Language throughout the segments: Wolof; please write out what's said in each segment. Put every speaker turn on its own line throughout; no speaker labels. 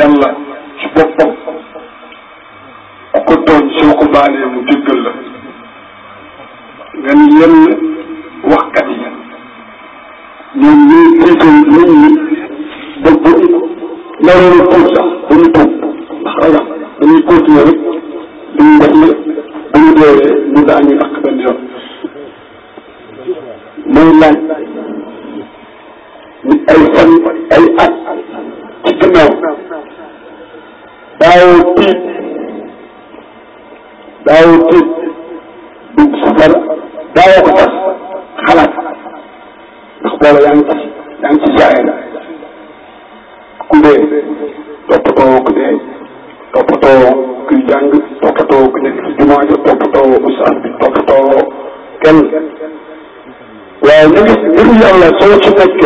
yàlla ci boppam ku ko soo ko baalee mu jéggal la nga ni yenn waxkat yi ñoom ñooy jiital nit ñi ba bu naroon a tuub sax ku ci nekk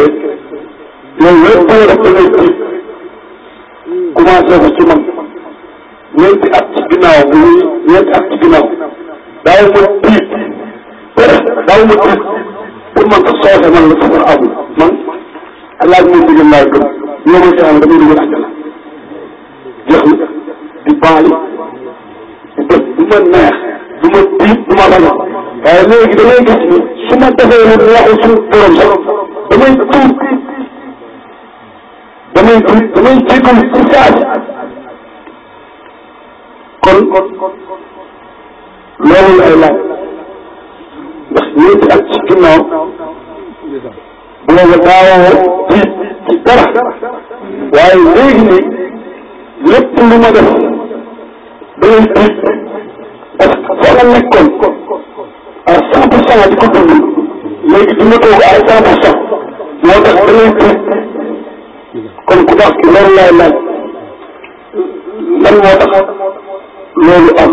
kon loolu lay laaj ndax ñeenti at ci booba daawoo waaye léegi nii lépp lu ma def dangay tiit parce que fa nga nekkoon à cent pour cent di ko dund léegi dina toog à cent pour cent kon ku tax ci loolu laay laaj lan moo tax loolu am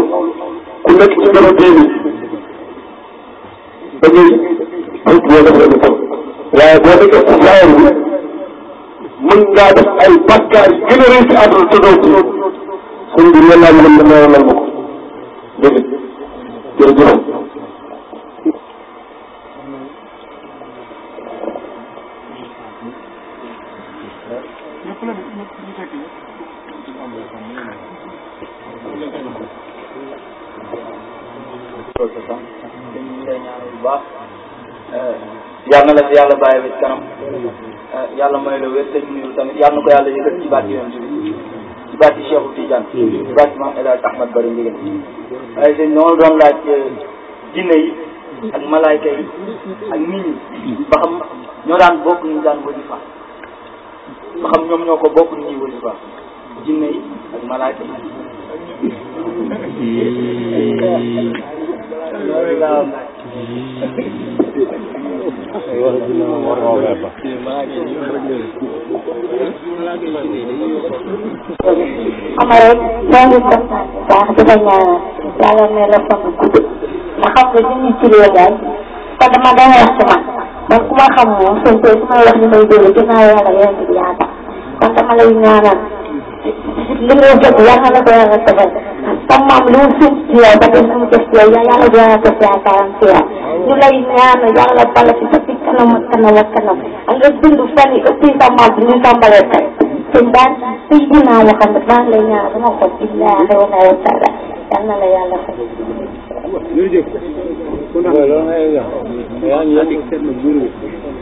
ku nekk ci dara téeméer da ngay bëgg boo def rek tam waaye boo nekkee ci jaayam bi mën ngaa def ay bàkkaar gën a rëy ci àdduna te doo ci sëñ bi loolu laa mën a mën a ko dégg jërëjëf na de ñu ñu fekk ñu. yal na la fi yàlla bàyyi bi kanam yàlla may la wér te ñu tamit yal na ko yàlla yëkkati ci baat yoon bi ci baat yi Cheikhu Tidiane ci baat yi maam El Hadj Ahmad Bari Ndieguène waaye sëñ noonu doon laaj euh, jinne yi ak malaayka yi ak nit ñi ba xam ñoo daan bokk ñu daan wadifa nga xam ñoom ñoo ko bokk ni ñuy wasifa jinne yi ak malaaka Amara maa ngi kontaan bu baax di ko ñaanal yàlla may la fan gudd ndax xam nga ni ñuy ci réew daal te dama doon wax ci man man ku ma xam moom seen tey su may wax ni may déglu ginnaaw yàlla yonent bi yaa tax kon dama lay ñaanal li nga jot yàlla na ko yàlla defal sa maam lu mu suuf ci yow ba def mu def ci yow yàlla na ko yàlla defal ci yow ñu lay ñaanal yàlla bala ci ba ci kanam ak kanam ak kanam nga dund fan yi ëpp sa maam bi ñu tàmbalee tey sëñ daan sëñ bi naa la xam ne maa ngi lay ñaanal sama xol bi laa xew na yow tàlla yàlla na la yàlla fay loolu ngay wax yaa ngi yéen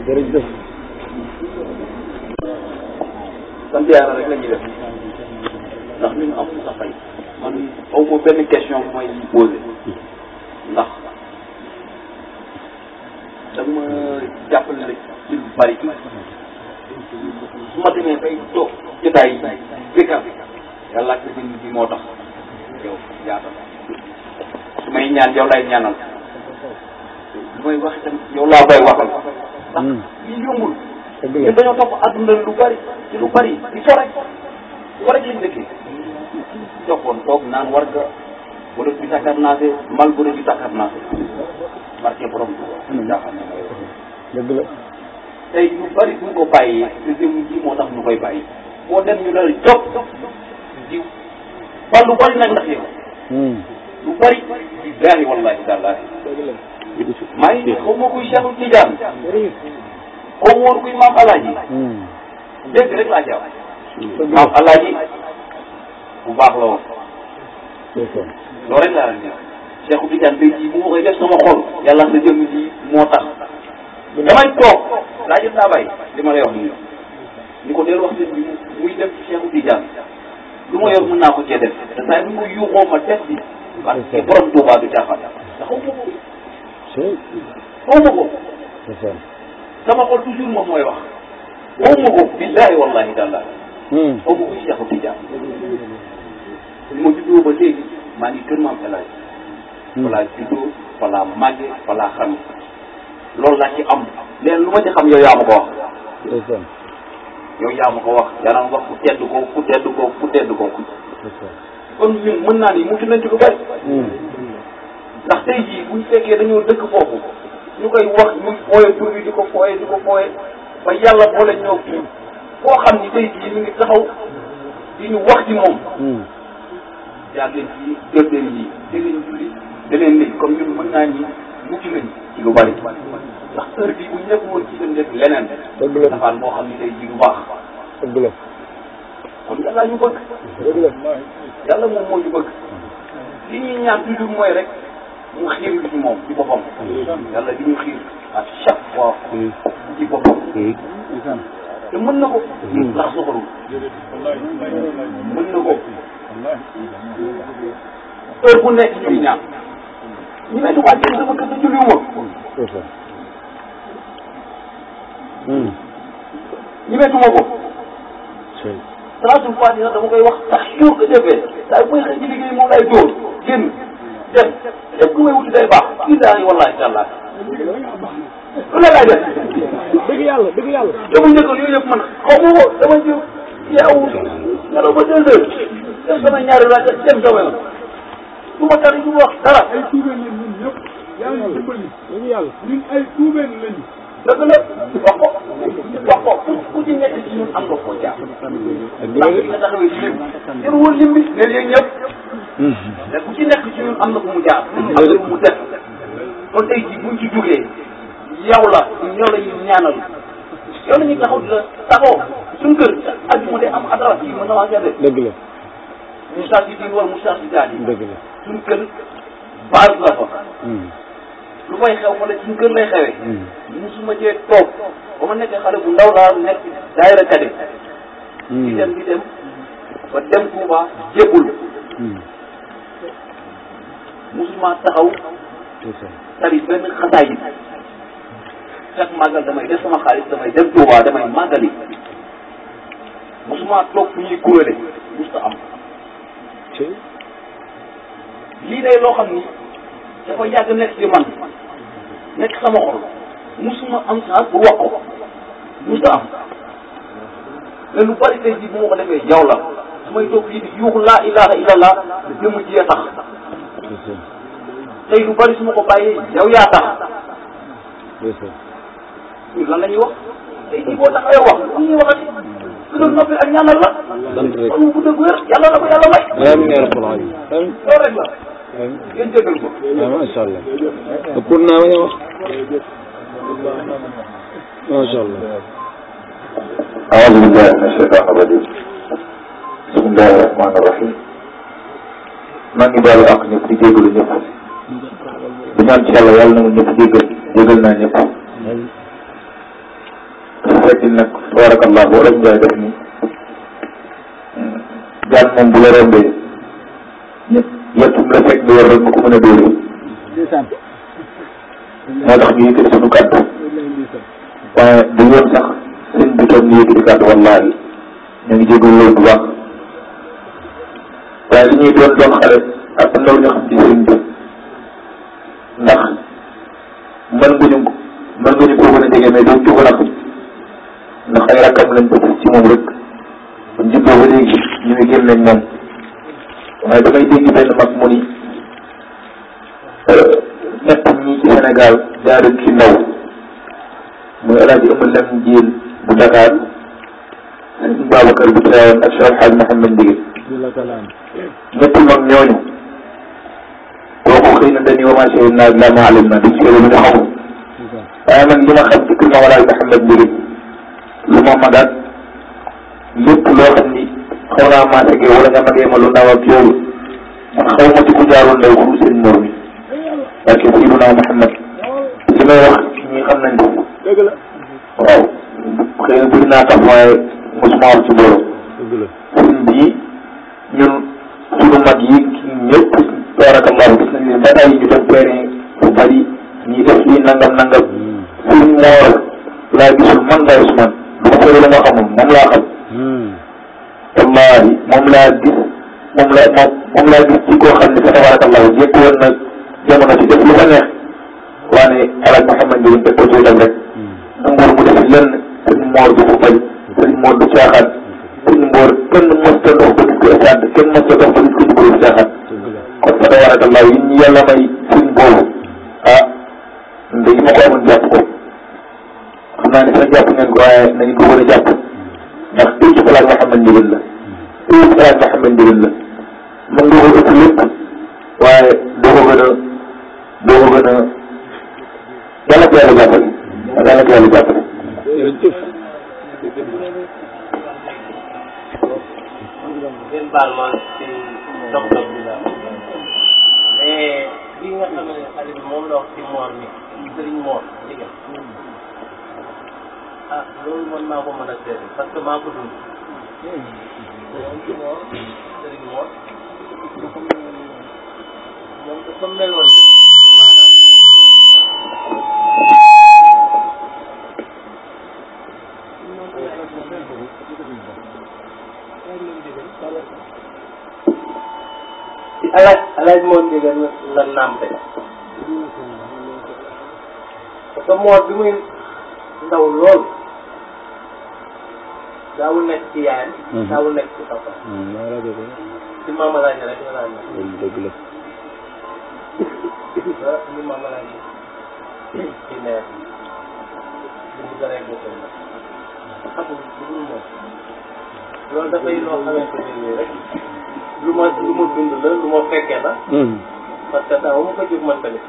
jërëjëf. sant yàlla rek la ñuy def ndax li ñu am sa fay man aw ma benn question mooy posé ndax dama jàppale rek ci lu bari su ma demee bay toog jotaay yi békkal yàlla ak sa jënd bi moo tax yow yaatal su may ñaan yow lay ñaanal booy wax itam yow laa booy waxal. ndax hmm. lii yombul. dëgg la ñun dañoo topp adduna lu bari ci lu bari di so rek war ak liñ dëkkee. joxoon toog naan war nga wala bi takkar naase mal bu bi takkar naase. barke borom bi. Hmm. dëgg la. tey ñu bari bu ko bàyyee te jëm ji moo tax ñu koy bàyyi boo dem ñu lal jóg di ba lu bari nag ndax yow. Hmm. lu bari di bari wallahi taala. maa ngi xaw ma kuy Cheikhul Tidiane xaw ma woon kuy maam Alaaji dégg rek laa jaaw maam Alaaji bu baax la woon loolu rek laa leen Cheikhul Tidiane tey jii bu ma koy def sama xol yàlla sa jëm ji moo tax damay toog laa jëm saa bàyyi li ni ko deel wax sëñ bi muy def Cheikhul Tidiane lu ma yor mën na ko cee def te saa yi bu ma def bi parce que borom Tuubaa du caaxaan xaw ma ko. sama xol toujours moom mooy wax. xaw ma ko. billahi wallahi taala. xaw hmm. ma ko si Cheikh Tidiane. li ma juddoo ba léegi maa ngi kër maam El Hadj. Hmm. fa laa juddoo fa laa màggee fa laa xam loolu laa ci am leen lu ma ci xam yow yaa ma ko wax. yow yaa ma ko wax yàlla ma wax ku tedd ko ku tedd ko ku tedd ko. kon ñun mën naa ni mucc nañ ci lu bari. Hmm. ndax tey jii buñ fekkee dañoo dëkk foofu ñu koy wax muy fooye tur di ko fooye di ko fooye ba yàlla boole ñoo kii koo xam ni tey jii mi ngi taxaw di ñu wax ci moom jaar hmm. leen ci def leen yi da leen julli da leen lii comme ñun mën naa ñi mucc nañ ci lu bari ndax heure bi bu nekk woon ci dañ def leneen dafaan boo xam ne tey jii du baax dëgg la kon yàlla ñu bëgg dëgg la yàlla moom moo ñu bëgg li ñuy ñaan toujours mooy rek mu xiir ci moom ci boppam. yàlla di ñu xiir à chaque fois. ci boppam. te mën na ko. ndax soxorul. mën na ko. heure bu nekk ñuy ñaan. ñu ne waa jërëjëf sama kër julli wu ñu wettuma ko. salaatul faatiha dama koy wax tax yóor ko defee daay booy xëy ci liggéey moom laay dóor génn. dem dem ku may wuti day baax kii daa ngi wallaahi tàllaa lu la laay def. dëgg yàlla dëgg yàlla. dama njëkkoon yooyu man ba deux heures dem sama ñaari rajo dem sama yoon yàlla dimbali. dëgg yàlla ñun ay la wax ko wax ko ku ku ci nekk ci ñun am nga koo jaar. ndax li nga taxawee lim jël woon lim bi ne léegi ñëpp. te ku ci nekk ci ñun am na fu mu jaar. am la yow la ñuy ñaanal yow la ñuy taxaw di la taxaw ma day am adara yi mën na wax jafe. dëgg la. moussa si diin hmm. lu fay xew wala suñ kër lay xewee. mosuma hmm. ma nekkee xale bu ndaw laa nekk daayira kade. Hmm. di dem di musuma taxaw. tari benn xasaay yi. chaque màggal damay def sama xaalis damay dem Touba damay màggali. musuma toog fu ñuy kuréele musta am. lii day loo xam ni dafa yàgg nekk ci man nekk sama xol musuma am chance pour wax ko musta am mais lu bari tey jii bu ko defee jaw la su may toog di yuuxu laa ilaha illallah jëmm jee tax. tey lu bari su ma ko bàyyee yow yaa tax. ñun lan la ñuy wax. tey jii boo tax ay wax lu ñuy waxati. su doon noppi ak ñaanal la. sant rek kon bu dëgg wér yàlla na ko yàlla may. amiin yaa rabbal aalamiin. loolu rek la. ngeen jégal ko. macha allah. pour naa ma wax. macha allah. أعوذ بالله من الشيطان الرجيم بسم الله الرحمن الرحيم maa ngi baalu ak ñëpp di jégalu ñëpp di ñaan ci yàlla yàlla na ma ñëpp jégal jégal naa ñëpp fekk nag tabarakallah boo rek njaay def jaan moom bu la rombee ñëpp yëpp mu la fekk di war nga ko mën a dóoree moo tax ñu yëkkati suñu kàddu waaye du yoon sax seen bi toog ñu yëkkati kàddu wallaahi ñu ngi jégal loolu bu waaye li ñuy doon doon xale ak ndaw ñu xam ci sëriñ bi nga ñu mën nga ñu ko gën jege mais doon jóg lakk ndax ay rakkam lañ bëgg ci moom rek buñ jubboo ba léegi ñu ngi moom waaye damay dégg benn mu ni ñett euh, ñi ci Sénégal jaaruñ ci ndaw mooy El Hadj Ëmb Lam Diène bu Dakar Babacar bu Tivaouane ak Cheikh Alhaji Mouhamed Ndieguène nekkul mag ñooñu kooku xëy na naa la ma alim na duñ seede lu ñu xamul xam ci kër Mawlaay Muhammad bi rek lu magaat lépp loo ni xaw naa maase gi wala nga magee ma lu ndaw yow man xaw ma ci ku jaarul ndaw ku seen mor mi parce que Seydina Muhammad li may wax ñi xam nañ ko waaw xëy na bëri naa tax waaye mosuma wax bi ñun suñu mag yi ñëpp tabarakallahu gis nañ leen ba tey ñu def terrain bu bëri ñi def lii nangam nangam suñ moor laa gisul man Baye Ousmane du ma xool la ma xamul moom laa xam wallaahi hmm. moom laa gis moom laa moom moom laa gis ci koo xam ne fa tabarakallahu jekk woon na jamono ci def lu fa neex waane alaaj Mouhamed bi dëkk ko tuutal rek tabarakallah yi ñu yàlla may suñ boobu ah ndegi ma ko amoon jàpp ko xam naa ne sax jàpp ngeen ko waaye nañu ko war a jàpp ndax tey ci xalaat Mouhamed Ndieguene la tey ci xalaat Mouhamed Ndieguene la mën nga ko mën a seede parce que maa ko dund. sëriñ Mor moom dafa meloon maanaam. ci alaaj alaaj moo njëgal la nàmpe parce que moor bi muy ndaw lool daawul nekk ci yaayam. Mhm. daawul nekk ci papaam. Hmm, waaw rajo bi. ci maama laaj rek la laaj. loolu dëgg la. waaw ci maama laaj bi. ci nawet bi. li mu gën a bokkul nag. xamul lu lu ma lu ma la hmm. parce que daaw ma ko jóg man tamit.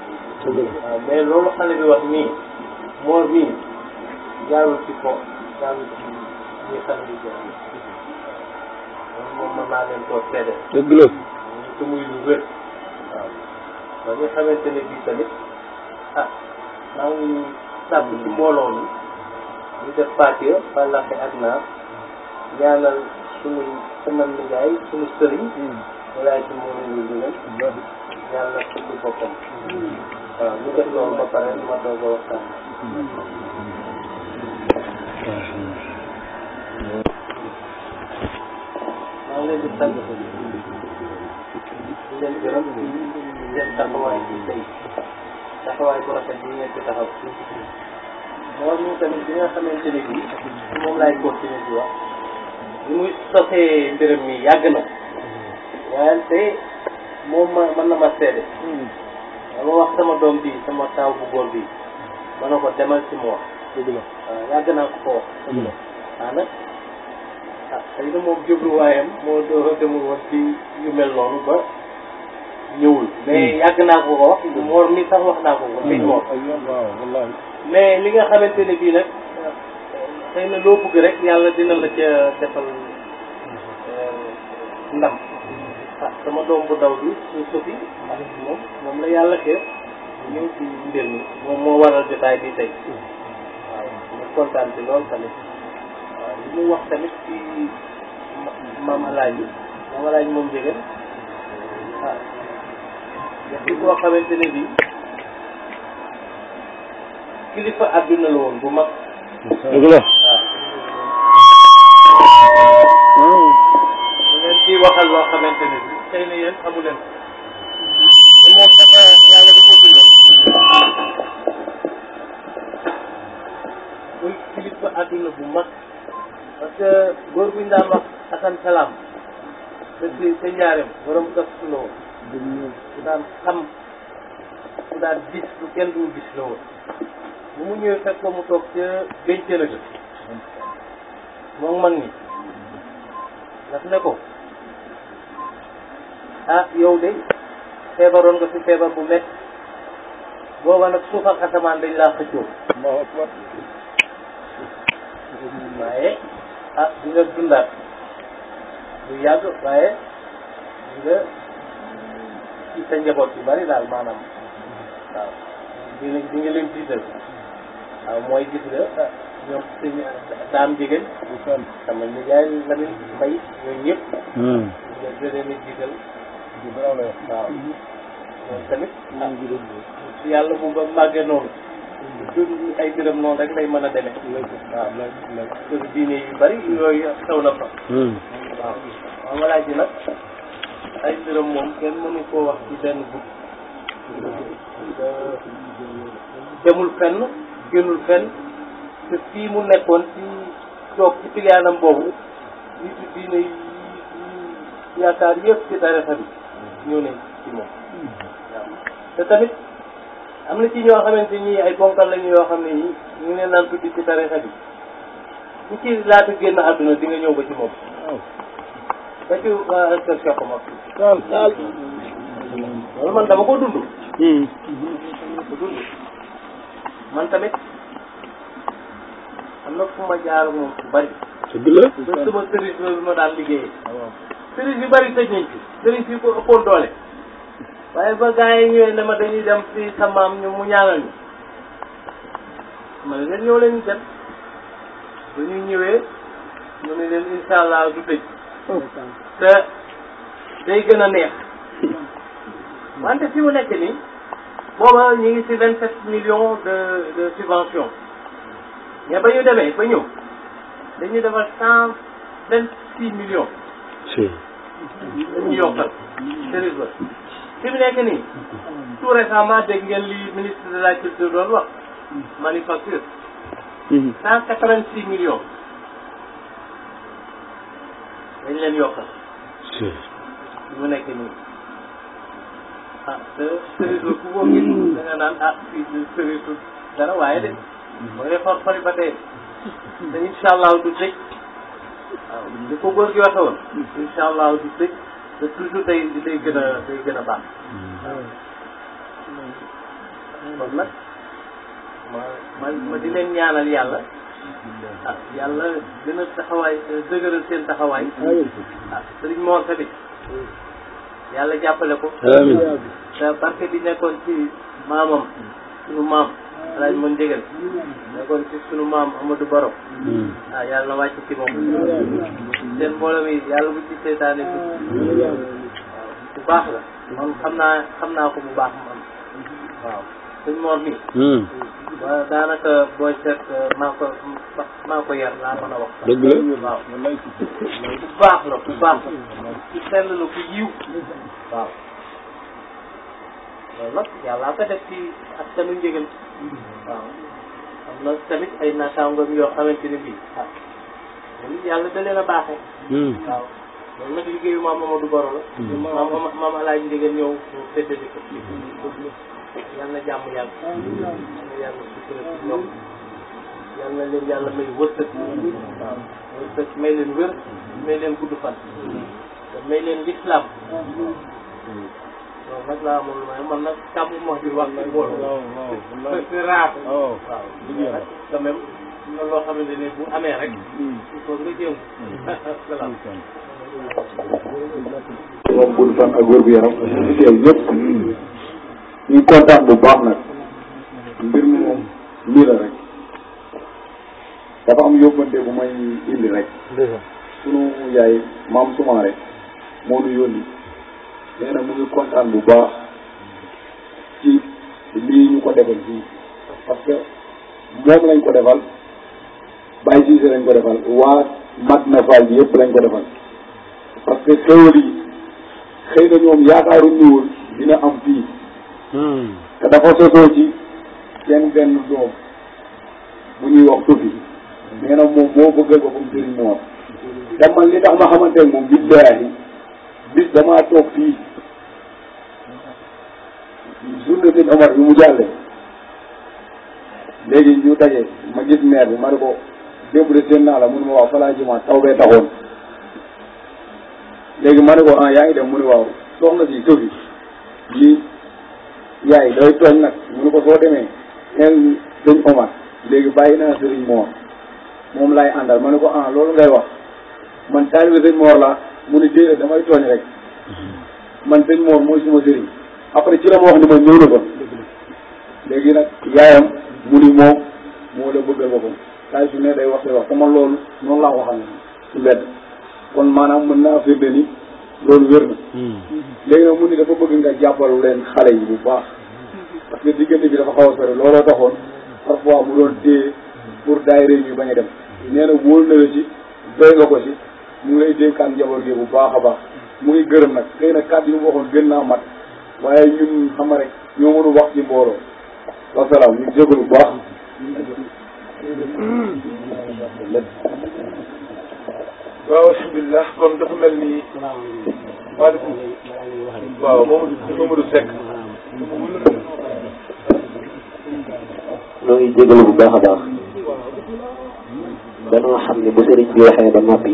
ñuy xam di jëf yi. loolu moom mën naa leen koo seede. dëgg la. ñu ko muy lu wér. waaw ba nga xamante ne bii tamit ah maa ngi sàmm ci mbooloo mi ñu def Fatia Fallaxe ak naaf ñaanal suñu sama nijaay suñu sëriñ. Hmm. walaay ci mbooloo mi ñu ne. ñaanal suñu boppam. waaw ñu def loolu ba pare ma doog a waxtaan. Hmm. leen di sant seen gërëm seen taxawaay bi tey taxawaay bu rafet bi ngeen ci taxaw moom ñu tamit bi nga xamante li muy sosee mbiram mi yàgg na wante moom ma mën na ma seede dama wax sama doom bi sama taaw bu góor bi ma ne ko demal ci mu wax waaw yàgg naa waaw xëy na moom jubluwaayam moo doo demul woon ci yu mel noonu ba ñëwul. Hmm. mais yàgg naa ko ko wax. Hmm. moor mi sax wax naa ko ko. tey hmm. moor mais li nga xamante ne bii nag xëy na loo bëgg rek yàlla dina la ca defal eh, ndam. Ah, sama doom bu daw bi su sufi moom la yàlla xeer ñëw ci mbir mi moom moo waral jotaay bi tey waaw kontaan ci lool tamit. li muy wax tamit ci maam Alaaji maam Alaaji moom Ndiéguène waaw daf di koo xamante ne bii kilifa àdduna la woon bu mag. dëgg la waaw. Ah. bu ngeen ciy waxal loo xamante ne bii xëy na yéen xamu leen ko. te moom dafa yàlla da ko bindoo. muy kilifa parce que góor bu ñu daan wax asan salaam te si te njaareem borom kaf suloo ku daan xam ku daan gis lu kenn du gis la woon bu mu ñëwee fekk ko mu toog ca béncëna ga moom mag ni daf ne ko ah yow de feebaroon nga fi feebar bu métti booba nag suuf ak asamaan dañ laa xëccoo waaye ah di nga dundaat lu yàgg waaye di nga ci sa njaboot yu bari daal maanaam waaw di nga di nga leen tiital waaw mooy gis nga ñoom sëñ daam jigéen sama nijaay Lamin Mbay ñooñu ñëpp nga di leen a jiital waaw ñoom tamit ah yàlla bu ba màggee noonu toujours ay mbiram noonu rek mën a demee. waaw nag nag kër diine yu bari yooyu xew na fa. waaw xam nga laaj bi koo wax ci benn bopp. demul fenn génnul fenn te fii mu nekkoon ci toog ci pigaanam boobu nitu diine yi yaakaar yëpp ci tarixa bi ñëw nañ ci moom te tamit. am na ci ñoo xamante ni ay bonkal lañu yoo xam ne yi ñu ne naan tudd ci tarixa bi ñu ci laata génn àdduna di nga ñëw ba ci moom man dama ko dund ko hmm. man tamit am na fu jaar moom bari dëgg la sama sëriñ bi ma daan liggéeyee ah, sëriñ bi bari tëj nañ ci sëriñ waaye ba gars yi ñëwee na ma dañuy dem fii sa maam ñu mu ñaanal ñu ma ne leen ñëw ñu ñëwee mu ne leen incha allah du tëj day gën a neex wante fi mu nekk nii booba ñu ngi ci vingt sept millions de de subvention mais ba ñu demee ba ñëw dañuy defar cent vingt six millions dañuy fi mu nekk nii tout récemment dégg ngeen li ministre de la culture doon wax hmm. manufacture hmm. cent quatre vingt six millions dañ leen yokkal mu nekk nii ah te sëritu ku boo gis da nga naan ah fii sëritu dara waaye de mooy hmm. de for fori ba tey te incha allah du tëj waaw li ko góor gi waxee woon incha allah du te toujours day day gën a day gën a baax. kon nag ma ma ma di leen ñaanal yàlla. ah yàlla gën a taxawaay dëgëral seen taxawaay. ah sëriñ Mor tamit. yàlla jàppale ko. amiin te barke bi nekkoon ci maamam sunu maam. alaaj mon njëgal nekkoon ci sunu maam Amadou Baro. Hmm. ah yàlla wàcc ci moom. seen mbooloo mi yàlla bu ci seytaane waaw bu baax la man xam naa xam naa ko bu baax man waaw suñ moor mi hmm. waaw daanaka booy seet maa ko maa ko yar laa mën a wax dëgg la waaw bu baax la bu baax la ku sell la ku yiw waaw loolu nag yàlla ko def ci ak sanu njëgal waaw am na tamit ay naataangoom yoo xamante ne bii ah. yàlla da leen a baaxee. Hmm. waaw loolu nag liggéeyu maam Mamadou Boro hmm. ñëw séddale jàmm yàlla. yàlla sutura ci ñoom. yal leen yàlla may wërsëg. waaw wërsëg may leen wér may leen gudd fan. te may leen lislaam. waaw nag laa amul may man nag tàmm wax bi wax ci bool. waaw waaw waaw c'est rare. Oh. waaw waaw quand même. am na loo xamante ni bu amee rek. il mm. faut nga jéem. moom gudd fan ak wér gu yaram. ñu teew ñëpp. ñu kontaan bu baax nag. mbir mi moom lii la rek. dafa am yóbbante bu may indi rek. sunu yaay maam Soumaré moo nu yónni. nee na mu ngi kontaan bu baax. ci lii ñu ko defal fii. parce que moom lañ ko defal. bàyyi siise lañ ko defal waa mat na fall bi yëpp lañ ko defal parce que xéwal yi xëy na ñoom yaakaaru ñu woon dina am fii hmm. te dafa sosoo ci seen benn doom bu ñuy wax sufi nee na moom moo bëggal ba comme sëriñ moom te man li tax ma ni ne moom billahi bis damaa toog fii journée sëñ Omar bi mu jàllee léegi ñu daje ma gis maire bi ma ne ko démb de seen naa la mu ne ma waaw falaa juma taw bee taxoon léegi ma ne ko ah yaa ngi dem mu ne waaw soxna si ji lii yaay day tooñ nag mu ne ko soo demee neel sëñ Omar léegi bàyyi na sëriñ moo moom laay àndal ma ne ko ah loolu ngay wax man taalibe sëñ Moor la mu ne déedéet damay tooñ rek man sëñ moo mooy suma sëriñ après ci la ma wax ni ma ñëw na ko léegi nag yaayam mu ni moom moo la bëggal boppam saa su ne day wax wax comme loolu noonu laa ko waxal ci mbedd kon maanaam mën naa firnde ni loolu wér na hmm. léegi nag mu ni dafa bëgg nga jàppal leen xale yi bu baax parce que di diggante bi dafa xaw a sori looloo taxoon parfois mu doon téye pour daayira yi bañ a dem nee na wóor na la ci doy nga mu ngi lay dénkaan njaboot gi bu baax a baax mu ngi gërëm nag xëy na kàddu yi mu waxoon gën naa mat waaye ñun xam rek ñoo mënu wax ci mbooloo wasalaam ñu jégalu bu baax waaw alhamdulilah bu baax baax. danoo xam ne bu sëriñ bi waxee ba noppi.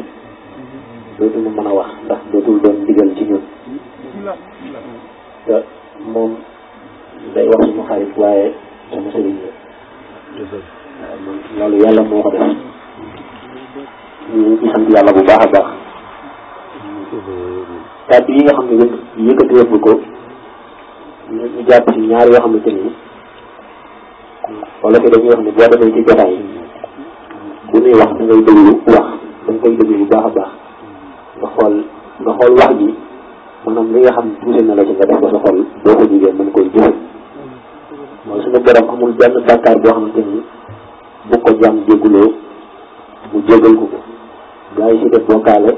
dootuñu mën a wax ndax dootul doon ndigal ci ñun. moom day wax suñu xarit waaye sama sëriñ la. waaw loolu yàlla moo ko def ñu ngi sant yàlla bu baax a baax kàddu yi nga xam ne yëpp yëkkati woon ko ñu jàpp ci ñaar yoo xamante ni wala fi dañuy wax ne boo demee ci jotaay bu ñuy wax da ngay déglu wax da nga koy déglu bu baax a baax nga xool nga xool wax ji maanaam li nga xam tuuse na la ci nga def ko sa xol boo ko jigéen mën koy jëfe mooy suñu borom amul benn bàkkaar boo xamante ni bu ko jàmm jégguloo mu jéggal ko ko gaa def bokkaale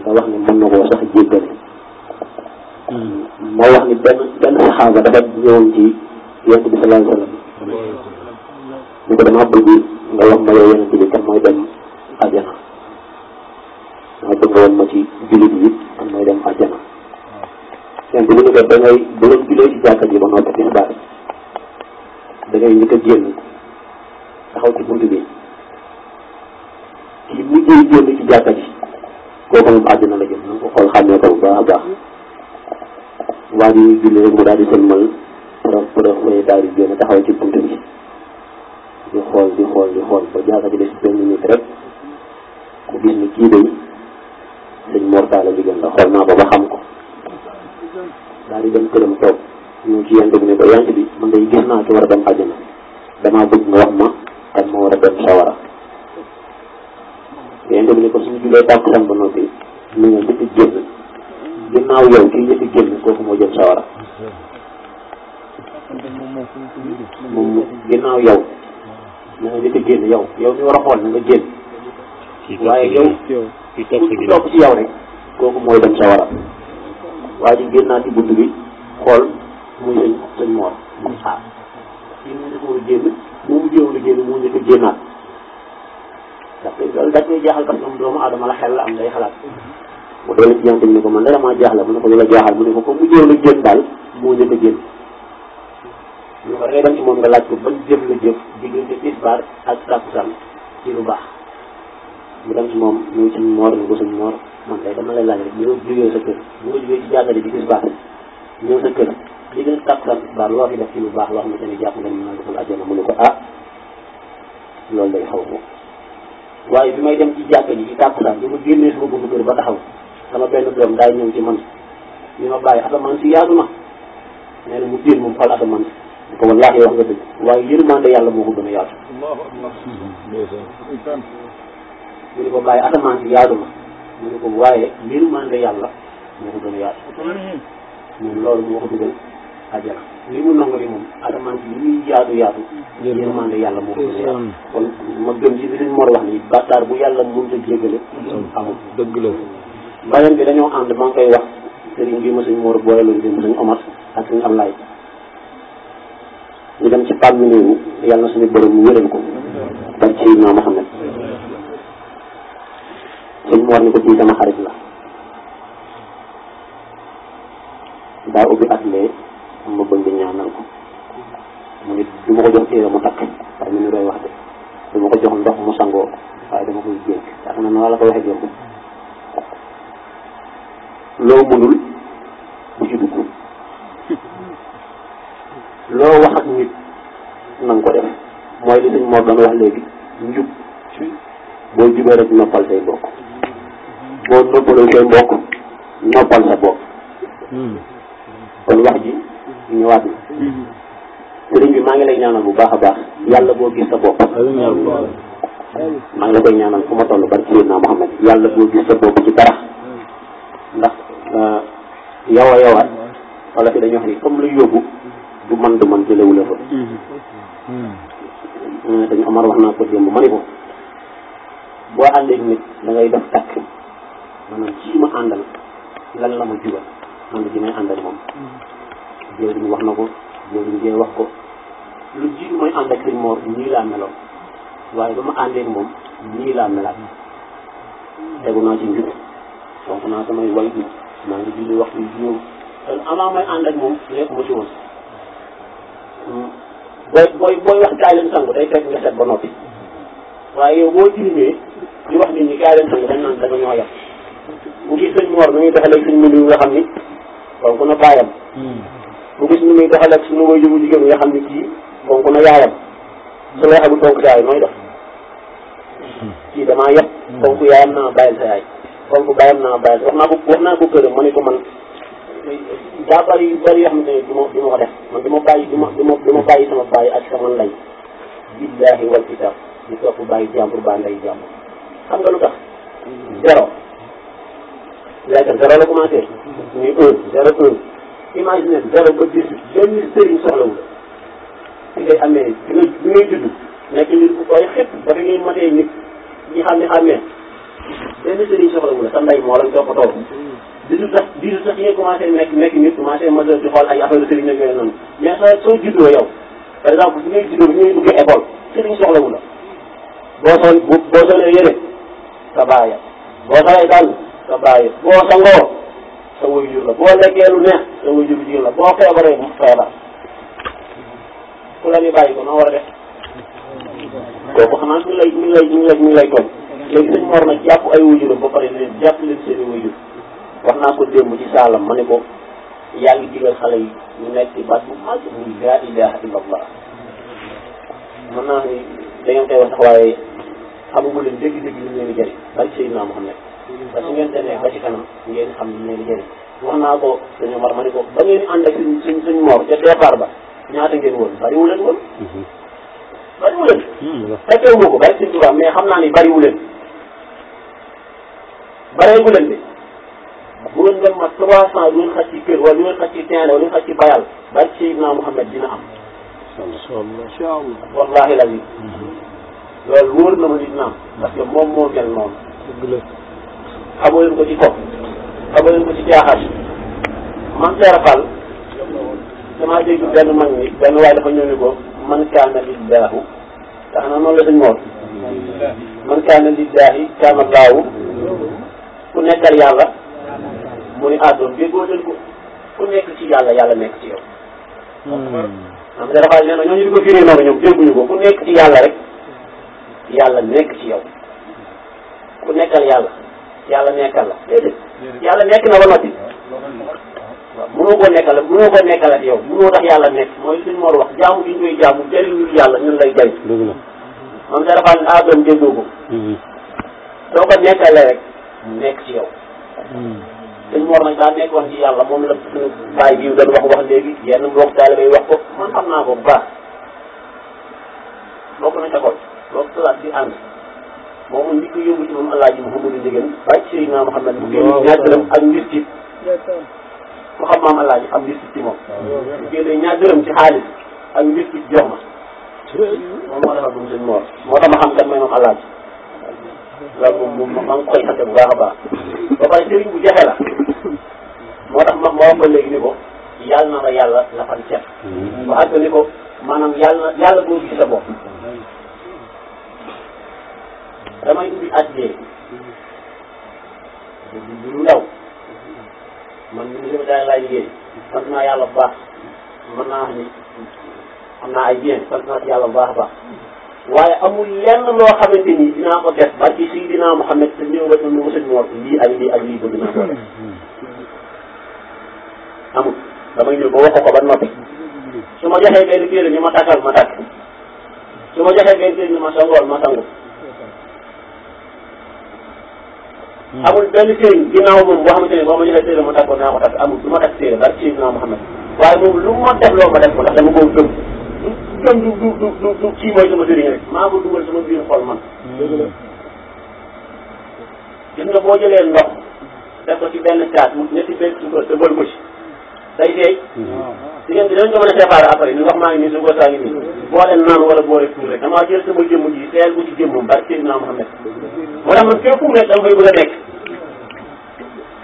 nga wax ne mën na koo sax jéggale moo wax ni dafa ñëwoon ci yonent ko damaa bëgg nga wax ma yow yonent bi kan mooy dem àjjana dama bëgg nga woon ma ci jullit yi kan mooy dem àjjana yonent bi ni ko da ngay bu ci jàkkat yi ba noppi tisbaar da ngay njëkk taxaw ci bunt bi ci mujjee génn ci jàkka ji kooku moom àddina la jëm na nga ko xool xàmmee ko bu baax a baax waa ji julli rek mu di sëlmal prof prof mooy ci bunt xool di xool di xool ba jàkka mu gis ni ko ba xam ko daal di dem këram toog ñëw ci yent bi ne ko yent bi man day gis naa ki war a dem àjjana damaa bëgg nga wax ma kan moo war a dem sawara yéen itam ni ko suñu julee tàkkusaan ba noppi ñu nga njëkk a génn ginnaaw yow kii njëkk a génn kooku moo jëm sawara moom ginnaaw yow na nga njëkk a génn yow yow mi war a xool na nga génn waaye yow ku topp ci yow rek kooku mooy dem sawara waaye ji génn naa ci bunt bi xool muy sëñ sëñ moor ah kii mu dafa war a génn mu mujjee génn mu njëkk a génnaat ndax loolu dañ jaaxal parce que moom doomu aadama la xel la am ngay xalaat mm-hmm. mu dellu ci yonte ne ko man dara maa jaaxle mu ne ko lu jaaxal mu ne ko comme mujjee la génn ko ngay dem ci moom ko ban jëf la jëf lu baax mu dem moom mu ci moor ni ko suñ moor man day dama lay laaj rek ñëw jógee sa kër li gën kattan daal loo fi def ci lu baax loo xamante ne jàpp nga ni man defal àjjana mu ne ko ah loolu day xaw ko waaye bi may dem ci jàkka ji ci tàkkusaan bi ma génnee sama buntu kër ba taxaw sama benn doom daay ñëw ci man li ma bàyyi asamaan si yaatu na nee na mu téel moom xool asamaan si di ko wallaahi wax nga dëgg waaye yërmande yàlla moo ko gën a yaatu mu ne ko bàyyi asamaan si yaatu na mu ne ko waaye yërmande yàlla moo ko gën a yaatu moom loolu moo ko dugal ajana li mu nangu li yaatu yaatu yàlla moo gën a kon ma gëm ci li Mor wax ni bàkkaar bu yàlla mënut a jégale amul dëgg bi dañoo ànd maa ngi koy wax sëriñ bi ma sëñ Mor booyaloon bi ma sëñ Omar ak sëñ Ablaye ñu dem ci pàgg yooyu yàlla na suñu borom wéral ko barke Seydina Muhammad sëñ Mor ni ko kii sama xarit la daa ubbi atelier ma mu nit du ma ko jox téere mu takk waaye ni doy wax de du ma ko jox ndox mu sangoo waaye dama koy jénk ak na na la ko waxee joogu loo mënul loo wax ak nit na ko def mooy li sëñ Mor doon wax léegi njub boo jubee rek noppal say mbokk boo noppal sa bopp hmm. kon wax ji ñëwaat na. sëriñ bi maa ngi lay ñaanal bu baax a baax yàlla boo gis sa bopp. maa ngi la koy ñaanal fu ma toll barki Seydina Muhammad yàlla boo gis sa bopp ci dara ndax euh, yow a yowaat wala fi dañuy wax ni comme lu yóbbu du man du man jëlewu la fa. Euh, dañu wax naa ko démb ma ni ko boo àndee nit da def takk maanaam ma àndal lan la ma jubal man li may àndal moom. jëwriñ wax na ko jëwriñ jee wax ko lu jiitu mooy ànd ak sëñ Mor nii laa meloon waaye ba ma àndee moom nii laa melaat tegu naa ci njub fonk naa samay mooy bi ngi julli waxtu yu juróom te avant may ànd ak moom lépp ma ci woon hmm. booy booy booy wax kaay leen sangu day fekk nga set ba noppi waaye yow boo tilimee di wax nit ñi kaay leen sangu dañ naan danga ñoo yàq bu gis sëñ Mor nu ñuy defalee sëñ Mor yi nga xam ni kon mu gis ni muy doxal ak suñu jigéen nga xam ne kii fonk na yaayam su la waxee bu fonk yaay mooy def kii damaa yëpp fonk yaayam naa bàyyil sa yaay fonk bàyyam ko wax naa ko ma ne bari yu bari yoo xam ne du ma du ma ko def man du ma bàyyi du ma du ma du ma bàyyi sama bàyyi ak sama lay billaahi wal kitaab di topp bàyyi jàmbur baa nday jàmbur xam nga lu tax zéro léegi zéro la commencé muy un zéro un imaginer zéro ba dix huit benn sëriñ soxlawul ci ngay amee bi nga bi ngay judd nekk nit ku koy xëpp ba fi ngay matee nit ñi xam ne xàmmee benn sëriñ soxlawul sa ndey moo leen toppatoo disu sax disu sax yi nga commencé nekk nekk nit commencé majeur di xool ay affaire sëriñ ak yooyu noonu mais sa soo juddoo yow par exemple bi ngay juddoo bi ngay duggee école sëriñ soxlawu la boo sol boo solee yére sa baaya boo solee dàll sa baaya boo sangoo sa waajur la boo lekkee lu neex sa wujju bu jigéen la boo feebaree bu feebar ku la ni bàyyi ko noo war a def kooku xanaa ñu lay ñu lay ñu lay ñu lay tooñ léegi sëñ Mor nag jàpp ay wujuram ba pare leen jàpp leen seen i wujur wax naa ko démb ci saalam ma ne ko yaa ngi digal xale yi ñu nekk ci baat bu mag muy laa ilaaha illallah mën naa ni da ngeen koy wax sax waaye xamuma leen dëgg-dëgg li ñu leen di jëriñ bari Seydina Muhammad parce que ngeen demee ba ci kanam ngeen xam li ñu leen di jëriñ wax naa ko dañoo mar ma ne ko ba ngeen ànd ak suñ suñ suñ moor ca départ ba ñaata ngeen woon bariwu leen woon mhm. bariwu leen hmm, fekkee wu ko bari suñ tubaab mais xam naa ni bariwu leen bareegu leen de bu ngeen dem ma trois cent du ngeen xaj ci kër wala du ngeen xaj ci terrain wala du ngeen xaj ci bayal bari Seydina Mouhamed dina am incha allah wallahi la mhm. loolu wóor na ma nit naam parce que moom moo mel la xamoo leen ko ci kooku xamoo leen ko ci jaaxal man Seera Fall damaa dégg benn mag mi benn waaye dafa ñëw ni ko man kaana lillaahu tax na noonu la dañ moor man kaana lillaahi kaana laahu ku nekkal yàlla mu ni àddoom bi boo jël ko ku nekk ci yàlla yàlla nekk ci yow hmm. am Seera Fall nee na ñooñu di ko firee noonu ñoom dégguñu ko ku nekk ci yàlla rek yàlla nekk ci yow ku nekkal yàlla yàlla nekkal la déedéet yàlla nekk na ba noppi waaw mënoo koo nekkal mënoo koo nekkal ak yow mënoo tax yàlla nekk mooy suñ moor wax jaamu bi ñu koy jaamu jëriñul yàlla ñun lay jëriñ. dëgg la moom dara faa ah doom déggoo ko. Mm-hmm. soo ko nekkalee rek nekk ci yow. Mm-hmm. suñ moor nag daa nekkoon ci yàlla moom la suñu bàyyi bi doon wax wax léegi yenn mbokk taalibe yi wax ko man xam naa ko bu baax. bokk na ca kon bokk classe bi ànd moomu nit ku yóbbu ci moom Alaaji Mouhamadou Ndieguène bàyyi Seydina Mouhamed bu génn ñaar dërëm ak nit ci. ku xam maam alaaji xam gis ci moom. bu génnee ñaar dërëm ci xaalis ak gis ci jox ma. moom moo defal moom sëñ Mor moo tax ma xam kan mooy moom alaaji. loolu moom moom maa ngi koy xasee bu baax a baax. ba pare sëriñ bu jafe la. moo tax ma ma wax ko léegi ni ko yàlla na la yàlla la fan cet. waxal ko ni ko maanaam yàlla na yàlla boo gis sa bopp. damay man mi ngi daal laay liggéey sant naa yàlla bu baax mën naa wax ni am naa ay bien sant naa ci yàlla bu baax a baax waaye amul lenn loo xamante ni dinaa ko def barki Seydina Muhammad te néew rek ñu mos a ñor lii ak lii ak lii bëgg naa ko def amul damay ñëw ba wax ko ba noppi su ma joxee benn téere ni ma takkal ma takk su ma joxee benn ni ma sangool ma Hmm. amul benn sëriñ ginnaaw moom boo xamante ne boo ma joxee séeréer ma takkoon naa ko takk amul du ma takk séeréer barke Seydina Muhammad waaye moom lu ma def loo ma def ko ndax dama koo gëm du gëm du du du du du kii mooy sama sëriñ rek maa ko dugal sama biir xol man hmm. gis nga boo jëlee ndox def ko ci benn saat mu ñetti benn suukar te bël ko ci day seey hmm. jigéen bi dañ ko mën a séparé après ni wax maa ngi nii suñu gossaa ngi nii boole naan wala boole tuur rek damaa jël sama jëmm ji teel ko ci jëmmam barke Seydina Muhammad moo tax man képp ku nekk dama fay bëgg a nekk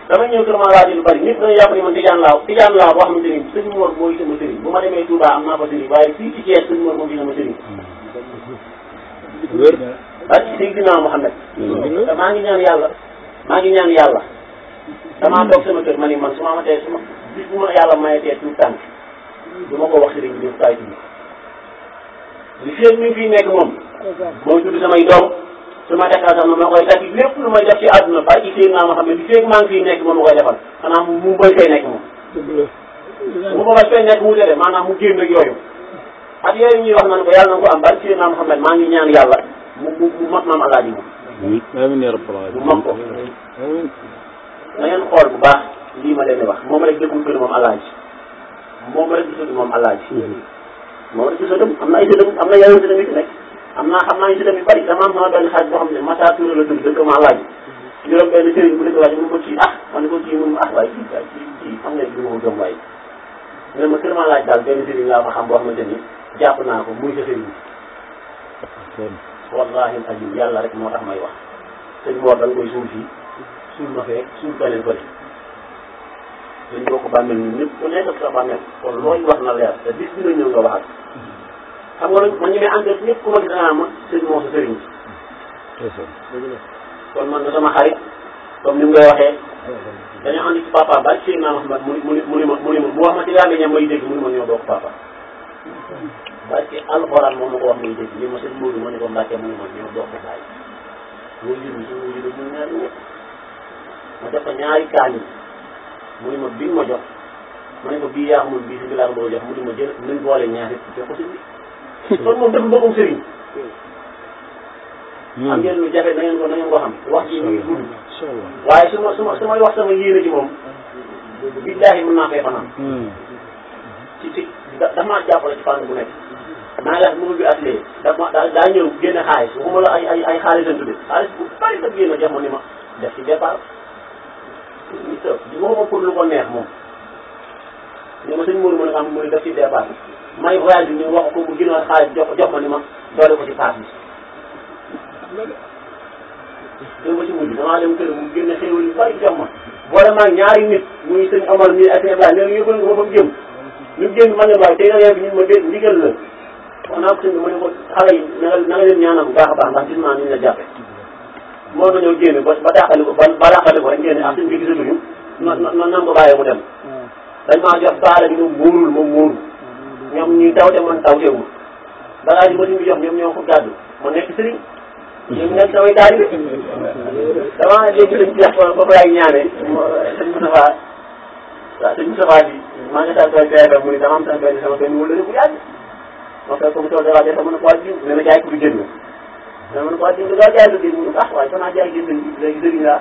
dama ñëw sûrement laaj lu bari nit dana yàpp ni man tijaan laaw tijaan laaw boo xamante ni sëñ Mor mooy sama sëriñ bu ma demee Touba am naa fa sëriñ waaye fii ci Thiès sëñ Mor moom ci sama sëriñ wér barke Seydina Muhammad te maa ngi ñaan yàlla maa ngi ñaan yàlla damaa toog sama kër ma ni man su ma amatee su ma bis bu ma yàlla mayetee tout tànk du ma ko wax si léegi ñun saa yu li fi ñu fiy nekk moom. mooy tudd samay doom su ma defal sax ma koy def lépp lu may def ci àdduna ba ci seen naa ma xam ne li fi maa ngi fiy nekk moom ma koy defal xanaa mu bëri fay nekk moom. bu ko fay nekk mu tere maanaam mu génn ak yooyu. ak yooyu ñuy wax naan ko yàlla na ko am bari seen naa ma xam ne maa ngi ñaan yàlla mu mu mu mat maam alaaji moom. amiin yaa rabbal aalamiin mu mat ko. na ngeen xool bu baax lii ma leen di wax moom rek dëggul kër moom alaaji moom rek gisatu moom alaaji. moom rek gisatu am na ay sëtam am na yaayam sëtam yu fi nekk am naa xam naa ñu sëtam yu bari dama am sama benn xaaj boo xam ne Massa Touré la tudd dëkk ma alaaji. ñu doon benn sëriñ bu dëkk alaaji mu ko kii ah ma ne ko kii mu ah waaye kii kii xam nga li ma ko gëm waaye. mu ne ma kër ma laaj daal benn sëriñ laa fa xam boo xamante ni jàpp naa ko muy sa sëriñ. wallahi al azim yàlla rek moo tax may wax sëñ Mor da nga koy suul fii suul ma fee suul beneen bëri dañ bokk bàmmeel ñun ñëpp ku nekk sa bàmmeel kon looy wax na leer te bis bi nga ñëw nga waxaat xam nga man ñu may enquête ñëpp ku ma gis danaa ma sëñ moo sa sëriñ kon man na sama xarit comme ni mu koy waxee dañoo ànd ci papa ba ci naa Muhammad mu mu mu ni ma mu ni ma mu wax ma ci laa ñam may dégg mu ni ma ñoo bokk papa parce que alxuraan moom ma ko wax muy dégg ni ma sëñ Moodu ma ne ko Mbàkke mu ni ma ñoo bokk baay muy jur suñu wujud ñun ñaari ñëpp ma def ko ñaari kaani mu ne ma bi ma jo ma ne ko bii yaa xamul bii bi laa ko bëgg a jox mu ne ma jël nañ boole ñaari jox ko sëñ bi. kon moom def mbokkum sëriñ. Hmm. am ngeen lu jafe na ngeen ko na ngeen ko xam. wax ji muy gudd. Hmm. waaye su ma su ma su may wax sama yéene ci moom. Hmm. billaahi mën naa fee fanaan. ci ci dafa maa jàppale ci fànn bu nekk. maa ngi lay wax bi atelier dafa daa ñëw génne xaalis waxuma la ay ay ay xaalis lañ tuddee xaalis bu bari la génne jox ma ni ma def ci départ. sa di waxuma pour lu ko neex moom li ma sëñ Mourou mën a xam muy def ci départ bi may voyage bi ñu wax ko bu ginnaaw xaalis jox jox ma ni ma doole ko ci paas bi. dama ci mujj damaa dem kër mu génne xéwal yu bari jox ma boole maag ñaari nit muy sëñ Omar mi ak sëñ Ibrahima ñooñu yëgal nga ba mu jëm. ñu génn ma ne waaye tey nag yàgg ñun ma dégg ndigal la wax naa ko sëñ bi ma ne ko xale yi na nga na nga leen ñaanal bu baax a baax ndax gis naa ni ñu la jàppe moo tañoo génn ba ba dàqali ko ba ba dàqali ko rek génn ak sëñ bi gisatuñu na na nan ko bàyyee mu dem hmm. dañ maa jox baala bi mu muurul moom muuru ñoom ñuy tawte man tawtewul bagage yi ma ñu jox ñoom ñoo ko gàddu ma nekk sëriñ ñoom nekk samay taalibe dama léegi lañ ci wax ba laay ñaanee sëñ Moustapha waaw sëñ Moustapha bi maa ngi saa sooy PFM mu ne dama am sama benn sama benn wala bu yàgg ma fekk ko mu toog dara sama na poids jiw ne ma jaay ko du génn dama na poids jiw nga jaay lu génn mu ne ah waaye sama jaay génn léegi sëriñ laa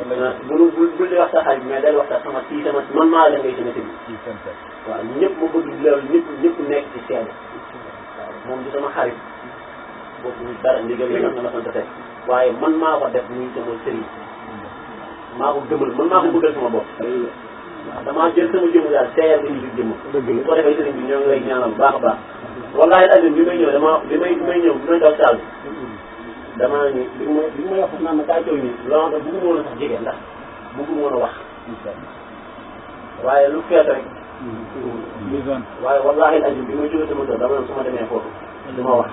wala bulu bul bul di wax sa xarit mais day wax sax sama kii sama man maa la ngay sama tamit waaw ñëpp ma bëgg loolu ñëpp ñëpp nekk ci seen waaw moom di sama xarit boobu ñu dara ndigal yi am na ma sant fekk waaye man maa ko def muy sama sëriñ maa ko gëmal man maa ko bëggal sama bopp waaw damaa jël sama jëmm daal seeyal ko ñu di jëmm bu ko defee sëriñ bi ñoo ngi lay ñaanal bu baax a baax wallaahi alim bi may ñëw dama bi may bi may ñëw bi may daw saal bi damaa ni li ma li ma wax naan daa jooy nii looloo tax bëggu na a sax jege ndax bëggu woon a wax. waaye lu feet rek. waaye wallaahi alazim bi ma jógee sama tool dama doon na ma demee foofu. du ma wax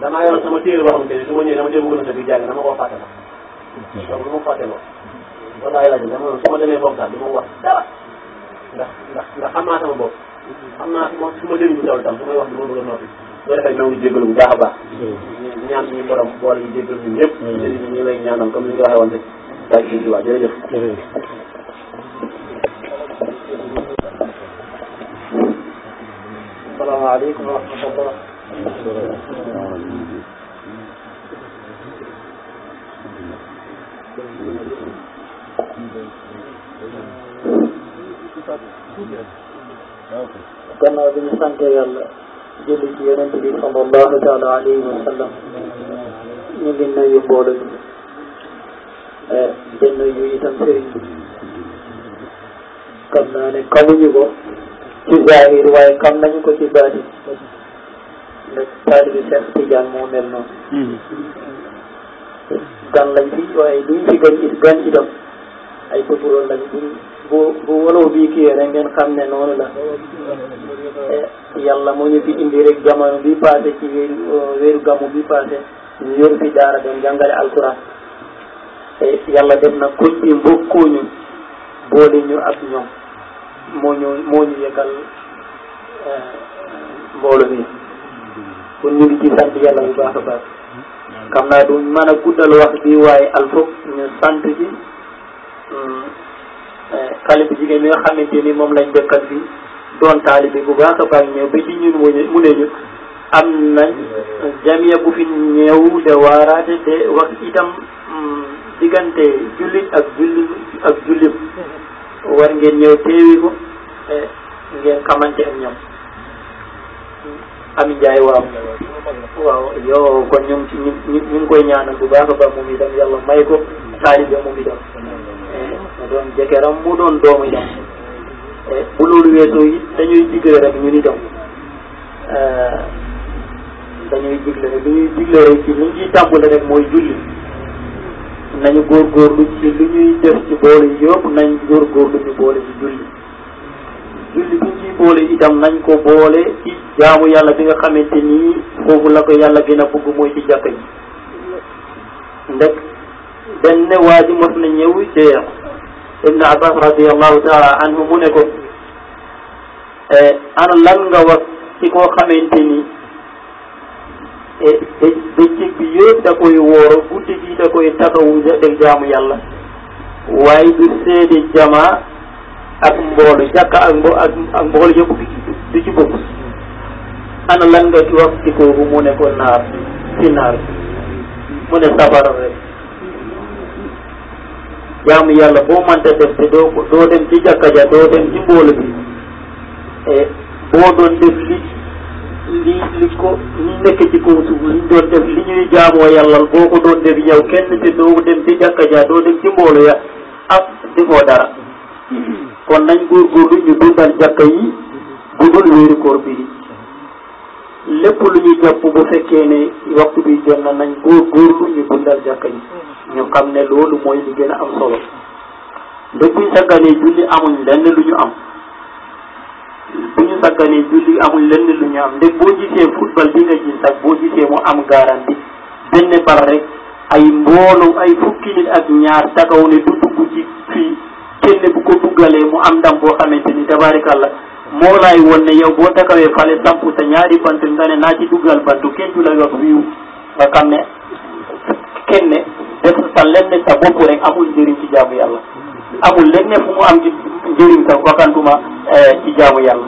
damaa yoroon sama téere boo xamante ne su ma ñëwee dama déglu woon sa biir jàng dama koo fàtte la. donc lu ma fàtte loo. wallaahi alazim dama doon su ma demee foofu ma wax dara. ndax ndax ndax xam naa sama bopp. xam naa su ma su ma déglu tool tam su ma bëgg a noppi. su ko defee ñoo ngi jégalu bu baax ñaan suñu borom boole yi déggal ñun ñëpp. Mm. jërëjëf ñu ngi lay ñaanal comme ni nga ko waxee woon rek. daal di jërëjëf jërëjëf. salaamaaleykum wa rahmatulah. gannaaw bi ñu sant yàlla. julli ci yonent bi sallallahu taala alayhi wa sallam ñu ngi nuyu mbooloo bi te nuyu itam sëriñ bi xam naa ne xamuñu ko ci zahir waaye xam nañu ko ci baati ndax taalibi Cheikh Tidiane moo mel noonu hmm. gan lañ it gan itam ay pëpuroon lañ fi bu bu wolof bi kii ngeen xam ne noonu la e, yàlla moo ñu fi indi rek jamono bi passé ci wéeru wéeru gàmmu bi passé ñu yor fi daara doon jàngale alquran te yàlla def na kuñ bi mbokkuñu boole ñu ak ñoom moo ñu moo ñu e, bi kon ñu ngi sant yàlla bu baax a baax xam naa du mën a wax bi waaye al foog sant ci mm, xale bu jigéen bi nga xamante ni moom lañ dëkkal bi doon taalibe bu baax a baax ñëw ba ci ñun mu ne am nañ jamiya bu fi ñëw de waaraate te wax itam mm, diggante jullit ak jullit ak jullit war ngeen ñëw teewi ko ngeen xamante ak ñoom Njaay waaw waaw yow kon ñu ngi ci ñu ngi koy ñaanal bu baax a baax moom itam may ko taalibe moom itam mu doon mu doon doomu ñoom eh, bu loolu weesoo it dañuy digle rek ñu ni dem eh, dañuy digle rek li ñuy digle rek ci li ñu ciy tàmbale rek mooy julli nañu góorgóorlu ci li ñuy def ci boole yi yëpp nañ góorgóorlu ñu boole ci julli julli bi ñu ciy boole itam nañ ko boole ci jaamu yàlla bi nga xamante nii foofu la ko yàlla gën a bëgg mooy ci jàkka yi ndek benn waa ji mos na ñëw ci ibnu abbas radiallahu taala anhu mu ne ko e, ana lan nga wax ci koo xamante ni e, e, bëccëg bi yëpp da koy woor guddi gi da koy taxawu deg jaamu yàlla waaye du seede jamaa ak mboolu jàkka ak mbo ak ak mboolu yëpp du ci bokk ana lan nga wax ci kooku mu ne ko naar ci naar mu ne jaamu yàlla boo mënta def te doo ko doo dem ci jàkka ja doo dem ci mboolu bi boo doon def li li li ko li nekk ci kaw suuf li doon def li ñuy jaamoo yàlla boo ko doon def yow kenn te doo dem ci jàkka ja doo dem ci mboolu ya ak ah, defoo dara kon nañ góorgóorlu ñu dundal jàkka yi budul wéeru koor bi lépp lu ñuy jàpp bu fekkee ne waxtu bi jot na nañ góorgóorlu ñu dundal jàkka ñu xam ne loolu mooy li gën a am solo ndëg buñ sagganee julli amuñ lenn lu ñu am bu ñu sagganee julli amuñ lenn lu ñu am ndëg boo gisee football bi nga gis sax boo gisee mu am garanti benn bal rek ay mbooloo ay fukki nit ak ñaar taxaw ne du dugg ci fii kenn bu ko duggalee mu am ndam boo xamante ni tabaarikàlla moo laay woon ne yow boo taxawee fale samp sa ñaari bant nga ne naa ci duggal bantu kenn du la wax nga xam ne kenn deful fa lenn sa bopp rek amul njëriñ ci jaamu yàlla amul lenn fu mu am ci njëriñ sa waxantuma eh, ci jaamu yàlla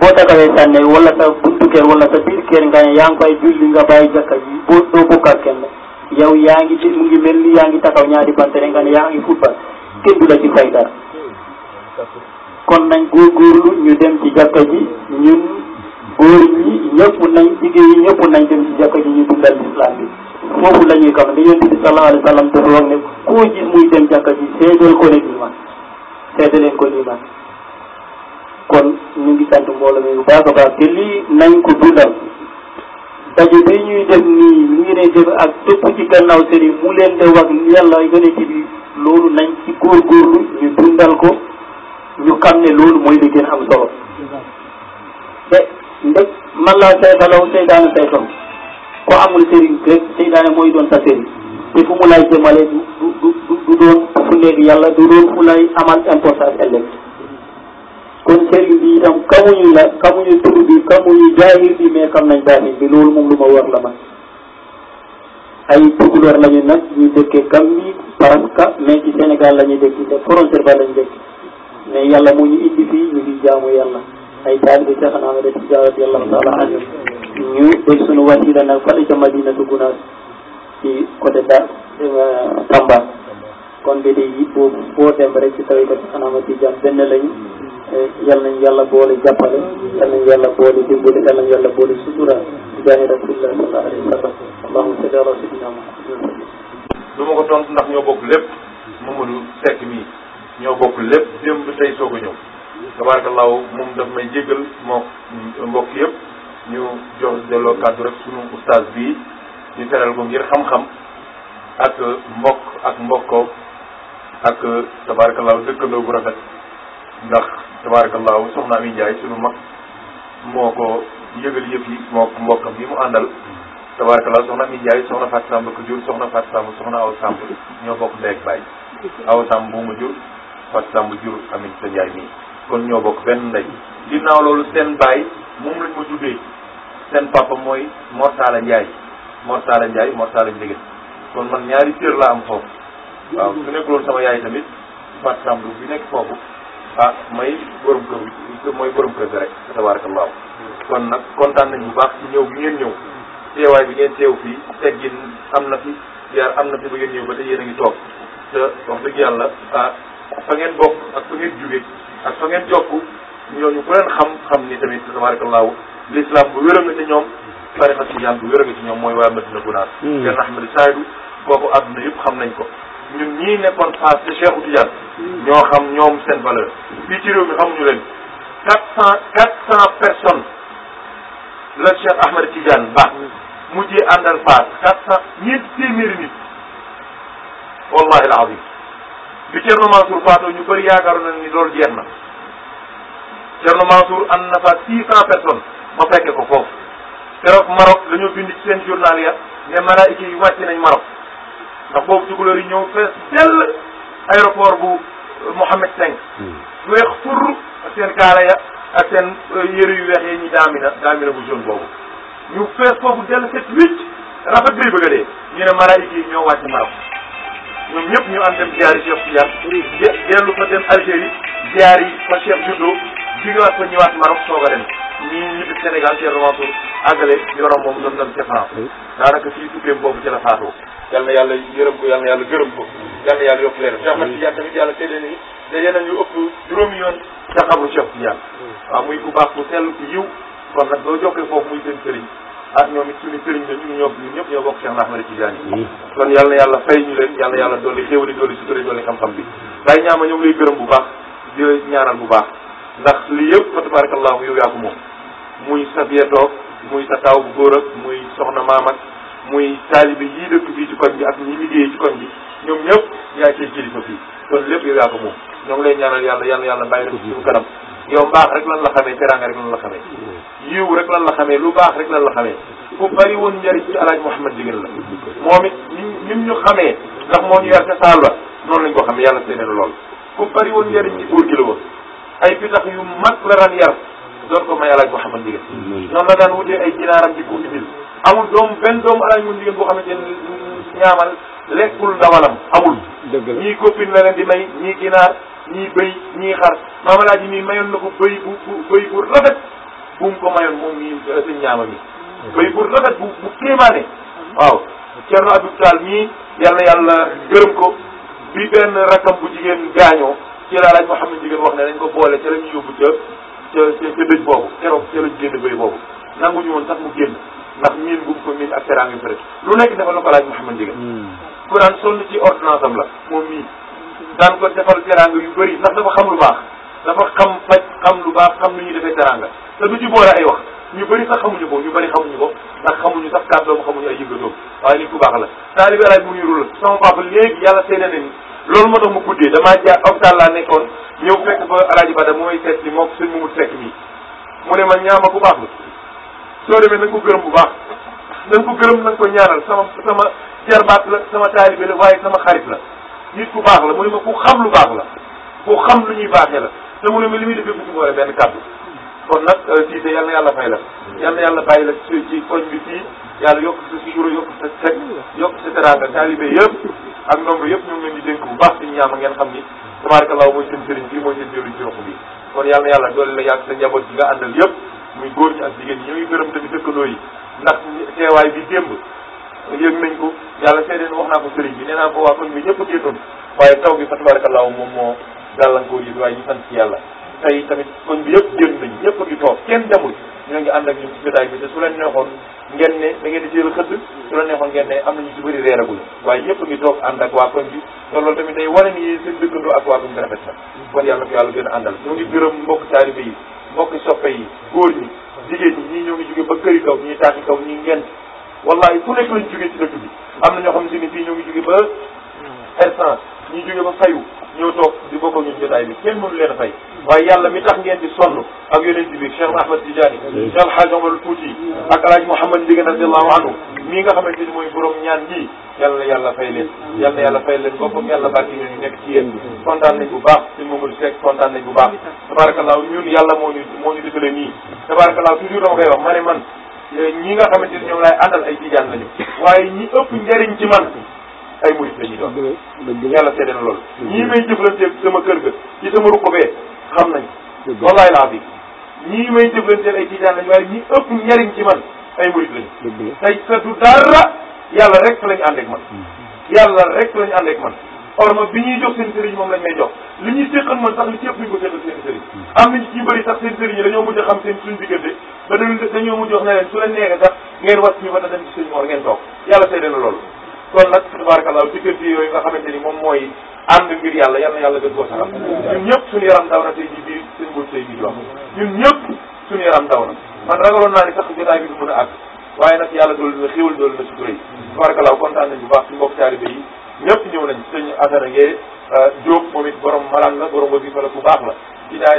boo taxawee sànne wala sa buntu kër wala sa biir kër nga ne yaa ngi koy julli nga bàyyi ka ji boo doo bokk ak yow yaa ngi mu ngi mel ni yaa ngi taxaw ñaari bant rek nga ne yaa ngi football kenn du la ci kon nañ góorgóorlu ñu dem ci jàkka ji ñun góor ñi ñëpp nañ jigéen yi ñëpp nañ dem ci jàkka ji ñu bi foofu la ñuy gam li yonent bi sallallahu alayhi wa sallam dafa wax ne ji seedal ko ne liman seedal leen ko liman kon ñu ngi sant mbooloo mi bu baax a baax te lii nañ ko dundal daje bi ñuy def nii ñu ngi ne def ak dëpp ci gannaaw sëriñ mu leen de wax yàlla yonent bi loolu ko ñu xam ne loolu mooy li gën am solo man laa saytalaw seytaanu saytom ko amul sëriñ rek seytaane mooy doon sa sëriñ te fu mu lay jëmale du du du du doon fu nekk yàlla du doon fu lay amal importance ëllëg kon sëriñ bi itam xamuñu la xamuñu tur bi xamuñu jaahir bi mais xam nañ baatin bi loolu moom lu ma war la ma ay tukulóor lañu nag ñu dëkkee Gàmbi Paranka mais ci Sénégal lañu dëkk te frontière ba lañu dëkk mais yàlla moo ñu indi fii ñu ngi jaamu yàlla ay taalibe Cheikh Ahmed Tidiane radiyallahu taala anhu ñu def sunu wasila nag fële ca Madinatu Gunaas ci côté da euh, Tamba kon bi day yittoo boo dem rek ci tariqat Anam Tijaan benn lañu euh, yal nañu yàlla boole jàppale yal nañu yàlla boole dimbali yal nañu yàlla boole sutura di jaani rasulillah sallallahu alayhi wa sallam allahumma salli ala sayyidina ma ko tontu ndax ñoo bokk lépp Mamadou Seck mii ñoo bokk lépp démb tey soog a ñëw tabarakallahu moom daf may jéggal moo mbokk yëpp ñu jox delloo kàddu rek sunu oustaz bi ñu teral ko ngir xam-xam ak mbokk ak mbokkoo ak tabaarakallaahu dëkkandoo bu rafet ndax tabaarakallaahu soxna Ami Njaay sunu mag moo ko yëgal yëpp yi moo mbokkam bi mu àndal tabaarakallaahu soxna Ami Njaay soxna Fatou Samb ko jur soxna Fatou Samb soxna Aw Samb ñoo bokk ndeeg baay Aw Samb bu jur Fatou Samb jur Amin sa Njaay mii kon ñoo bokk benn ndey ginnaaw loolu seen baay moom lañ ma tuddee seen papa mooy Mortala Ndiaye Mortala Ndiaye Mortala Ndiéguène kon man ñaari la am foofu waaw su nekkuloon sama yaay tamit par exemple bi nekk foofu ah may borom kër mooy borom kër bi rek tabarakallahu kon nag kontaan nañ bu baax ci ñëw bi ngeen ñëw teewaay bi ngeen sew fii teggin am na fi yaar am na fi ba ngeen ñëw ba te yéen a ngi toog te wax dëgg yàlla ah fa ngeen bokk ak fa ngeen jóge ak fa ngeen jokk ñooñu ku leen xam xam ni tamit tabarakallahu l'islam bu wér a nga ci ñoom tariqa tijaan bu wér a nga ci ñoom mooy waa Madina Gunaas kenn hmm. Ahmadu Saydu kooku àdduna yëpp xam nañ ko ñun ñii nekkoon phase de Cheikh Tidiane ñoo xam ñoom seen valeur fii ci réew mi xamuñu leen quatre cent quatre cent personnes la Cheikh Ahmad Tidiane baax mujjee àndal phase quatre cent ñeent téeméeri nit wallahi al azim bi Thierno Mansour faatoo ñu bëri yaakaar na ni loolu jeex na Thierno Mansour ànd na fa 600 personnes ma fekke ko foofu keroog Maroc dañoo bind seen journal ya ne malaayika yi wàcc nañ Maroc ndax boobu tukulóor yi ñëw fees dell aéroport bu euh, Mohammed V hmm. furr ak seen kaala ya ak seen euh, yëre yu weex yi ñi daamina daamina bu jaune boobu ñu fees foofu dell set wicc rafet bi bëgg a dee ñu ne malaayika yi ñoo wàcc Maroc ñoom ñëpp ñu am dem ziyaari Cheikh Tidiane dellu fa dem Algérie ziyaar yi fa Cheikh juddoo digaat fa ñëwaat Maroc soog a dem ñii ñibbi Sénégal Cheikh Mansour àggale yorom moom doon dem ca France daanaka fii tukkeem boobu ci la faatoo yal yàlla yërëm ko yal yàlla gërëm ko yal yàlla yokk leeram Cheikh Ahmed Tidiane tamit yàlla seede ni daje nañu ëpp juróomi yoon ca xabru Cheikh Tidiane waaw muy bu baax ku sell ku yiw kon nag doo jokkee foofu muy seen sëriñ ak ñoom it suñu sëriñ lañ ñu ñoo ñun ñëpp ñoo bokk Cheikh Ahmad Tidiane kon yàlla na yàlla fay ñu leen yàlla na yàlla dolli xéewali dolli sutura dolli xam-xam bi Baye ñaama ñoo ngi lay gërëm bu baax di la ñaanal bu baax ndax lii yëpp fa tabarakallahu yow yaa ko moom muy sa bietoog muy sa taaw bu góor ak muy soxna maam ak muy taalibe yii dëkk fii ci koñ bi ak ñi liggéey ci koñ bi ñoom ñëpp yaa cee kilifa fii kon lépp yow yaa ko moom ñoo ngi lay ñaanal yàlla yàlla yàlla bàyyi la ko suñu kanam yow baax rek lan la xamee teraanga rek lan la xamee yiw rek lan la xamee lu baax rek lan la xamee ku bari woon njariñ ci alaaj Mouhamad Ndieguene la moom it nim ñu xamee ndax moo ñu yar ca saal ba noonu lañ ko xamee yàlla seeneen lool ku bari woon njariñ ci góor gi la woon ay pitax yu mag la daan yar doon ko may alaaj Mouhamad Ndieguene noonu la daan wutee ay ginaaram di ko indil amul doomu benn doomu alaaj mu Ndieguene boo xamante ne ñaamal lekkul ndawalam amul ñii copine la leen di may ñii ginaar ñii bëy mii xar maamalaa ji mii mayoon na ko bëy bu bëy bu rafet bu ko mayoon moom mii euh, sëñ ñaama mi bëy bu rafet bu bu kéemaane waaw Cerno Abib Tall mii yàlla yàlla gërëm ko bi benn rakkam bu jigéen gaañoo ci la laaj Mouhamed jigéen wax ne dañ ko boole ca la ñu yóbbu ca ca ca dëj boobu keroog ca la génn bëy boobu nanguñu woon tax mu génn ndax miin bu ko miin ak teraanga bi lu nekk dafa la ko laaj Mouhamed jigéen hmm. ku naan sonn ci ordonnance la moom mii daan ko defal teranga yu bëri ndax dafa xam lu baax dafa xam faj xam lu baax xam lu ñuy defee teranga te du ci boole ay wax ñu bëri sax xamuñu ko ñu bëri xamuñu ko ndax xamuñu sax kàddoom xamuñu ay yëngatoom waaye nit ku baax la taalibi alaaj mu ñu rul sama papa léegi yàlla seede nañu loolu moo tax mu guddee damaa jaar hôpital laa nekkoon ñëw fekk ba alaaji Bada mooy seet si mook suñ mumut fekk mi mu ne ma ñaama ku baax la soo demee na ko bu baax na ko gërëm na ko ñaanal sama sama jarbaat la sama taalibe la waaye sama xarit la nit ku baax la mu ne ma ku xam lu baax la ku xam lu ñuy baaxee la te mu ne ma li muy defee bu ko benn kàddu kon nag euh, Cissé yal yàlla fay la yal yàlla bàyyi la ci ci bi fii yàlla yokk sa suura yokk sa teg yokk sa teraanga taalibe yëpp ak ndongo yëpp ñoo ngi leen di dénk bu baax si ñaam ngeen xam ni tabaarakallaa mooy seen sëriñ bi mooy seen jëriñ ci rox bi kon yal yàlla doole la yàgg sa njaboot gi nga àndal yëpp muy góor ñi ak jigéen ñi ñoo ngi gërëm yi ndax teewaay bi démb yëg nañ ko yàlla seedeen wax naa ko sëriñ bi nee naa ko waa koñ bi ñëpp génnoon waaye taw bi fa tabarakallahu moom moo gàllankoor yi waaye ñu sant ci yàlla tey tamit koñ bi yëpp génn ñëpp a ngi toog kenn demul ñoo ngi ànd ak ñun bi te su leen neexoon ngeen ne da ngeen di jël xëdd su leen am nañu ci waa koñ bi te loolu tamit day wane ni seen dëkkandoo ak waa koñ bi rafet na kon yàlla na ko yàlla gën a àndal ñoo mbokk taalibe yi mbokk soppe yi góor ñi jigéen ba këri kaw ñii taati kaw ñii ngent wallahi fu nekk lañ jógee ci dëkk bi am na ñoo xam si ni fii ñoo ngi jóge ba essence ñu jóge ba fayu ñoo toog di bokk ñu ñun jotaay bi kenn mënu leen fay waaye yàlla mi tax ngeen di sonn ak yonent bi Cheikh Ahmad Tidiane Cheikh Alhaaj Omar Fouti ak Alhaaj Mouhamad Ndieguène radiallahu anhu mii nga xamante ni mooy borom ñaan ji yàlla na fay leen yàlla na yàlla fay leen boppam yàlla barke ñu nekk ci bi kontaan nañ bu baax si Mamadou Seck nañ bu baax tabarakallah ñun yàlla moo ñu moo ñu defalee man ñi nga xamante ni ñoom laay àndal ay tijaan lañu waaye ñi ëpp njariñ ci man ay murit lañuy doon yàlla seede na loolu ñii may jëflanteeg sama kër ga ci sama ruq bee xam nañ wallaay laa bi ñii may jëflanteeg ay tijaan lañu waaye ñi ëpp njariñ ci man ay murit lañu tey te du dara yàlla rek lañu ànd ak man mm. yàlla rek lañu ànd ak man or ma bi ñuy jox seen sëriñ moom lañ may jox li ñuy séqal man sax li ci ëpp ñu ko séqal seen sëriñ mm. am nañu ci bëri sax seen sëriñ yi dañoo mujj a xam seen suñu diggante ba dañu dañoo mujj wax ne leen su leen neexee sax ngeen wàcc ñu ba te dem sëñ Mor ngeen toog yàlla seede na loolu kon nag tabarakallah diggante yooyu nga xamante ni moom mooy ànd ngir yàlla yal na yàlla gën koo saxal ñun ñëpp suñu yaram daw na tey jii bii sëñ Mbour Seye bii di wax ñun ñëpp suñu yaram daw na man ragaloon naa ni sax jotaay bi du mën a àgg waaye nag yàlla doolu na xéwal doolu na sutura yi tabarakallah kontaan nañ bu baax suñu mbokk taalibe yi ñëpp ñëw nañ sëñ Asana Ngee euh, la borom wasifa la ku baax la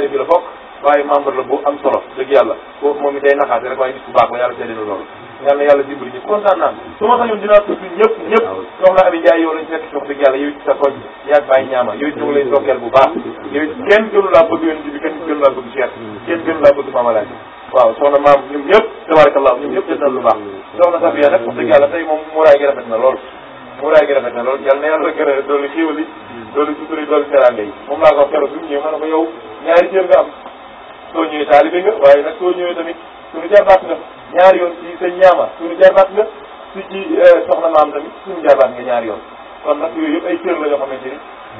ci bi la bokk waaye membre la bu am solo dëgg yàlla kooku moom it day naxaate rek waaye nit ku baax la yàlla seede na loolu yàlla yàlla dimbali ñu kontaan naan su ma sañoon dinaa tudd ñëpp ñëpp ah soxna Ami Ndiaye yow lañ fekk sox dëgg yàlla yow ci sa koñ yaag bàyyi ñaama yow ñu ngi lay dokkeel bu baax yow kenn gënu laa bëgg yonent bi kenn gënu laa bëgg Cheikh kenn gënu laa bëgg Mama Laaj waaw soxna maam ñoom ñëpp tabarakallah ñoom ñëpp jël nañ lu baax soxna Safiya nag wax dëgg yàlla tey moom muuraay gi rafet na lool muuraay gi rafet na lool yàlla a soo ñëwee taalibe nga waaye nag soo ñëwee tamit suñu jarbaat nga ñaari yoon ci sëñ ñaama jarbaat nga si ci euh, soxna maam tamit suñu jarbaat nga ñaari kon nag yooyu yëpp ay cër la yoo xamante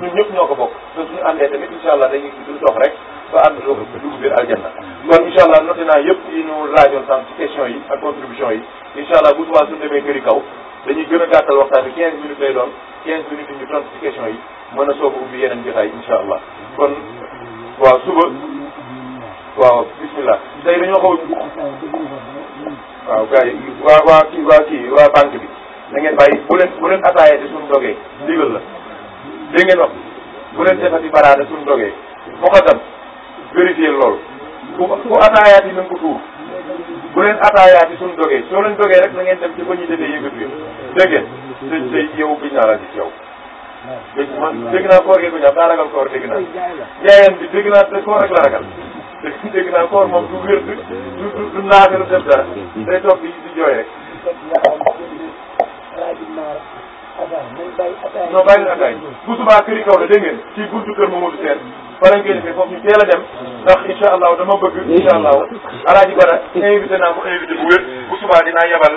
ni ñoo ko bokk te suñu àndee tamit incha allah dañuy duñ dox rek ba ànd doo dugg biir aljanna kon incha allah noté naa yëpp yi ñu laajoon yi ak contribution yi incha allah bu subaa suñu kaw dañuy gën a gàttal waxtaan bi 15 minutes lay doon 15 minutes a soog a waaw bisimilah. tey dañoo xaw a. waaw gars yi waa waa kii waa kii waa banque bi. da ngeen bàyyi bu leen bu leen ataaya te suñu dogee ndigal la. dégg ngeen wax bu leen defati baraade suñu dogee. muqaddam vérifier loolu. ku ku ataayaati na nga ko tuur. bu leen ataayaati suñu dogee soo leen dogee rek na ngeen dem ci ba ñuy defee yëngatu yëpp. dégg ngeen tey tey yow biñ naa la gis yow. dégg man dégg naa ko ñaax daa ragal koor dégg naa. jaayeen bi naa te koor dégg naa koor moom du wér du du du naafila def dara day toog di di jooy rek. non bàyyi na ataay bu subaa këri kaw la dégg ngeen ci buntu kër Mamadou Sène bala ngeen fi foofu ñu teel a dem ndax incha allahu dama bëgg incha allahu alaaji bara invité naa mu invité bu wér bu subaa dinaa yebal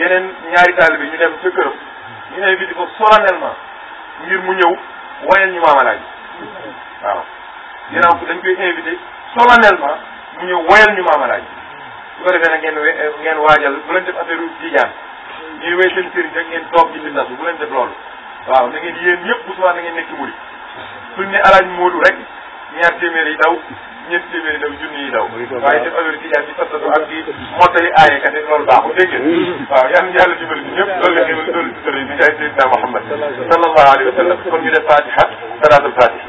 yeneen ñaari taalibe bi ñu dem ca këram ñu invité ko solennellement ngir mu ñëw wayal ñu maam alaaji waaw dinaa ko dañ solennellement mu ñëw woyal ñu maam Alaaji su ko defee nag ngeen ngeen waajal bu leen def affaire u tijaan ñuy wéy seen sëriñ rek ngeen toog di bindas bu leen def loolu ngeen yéen ñëpp bu subaa na ngeen nekk murid suñ ne Alaaji Moodu rek ñaar téeméer yi daw ñeent téeméer yi daw junni yi daw waaye def affaire tijaan bi sattatu ak di mottali aaye kat loolu Muhammad sallallahu alayhi kon ñu def fatiha salaatul fatiha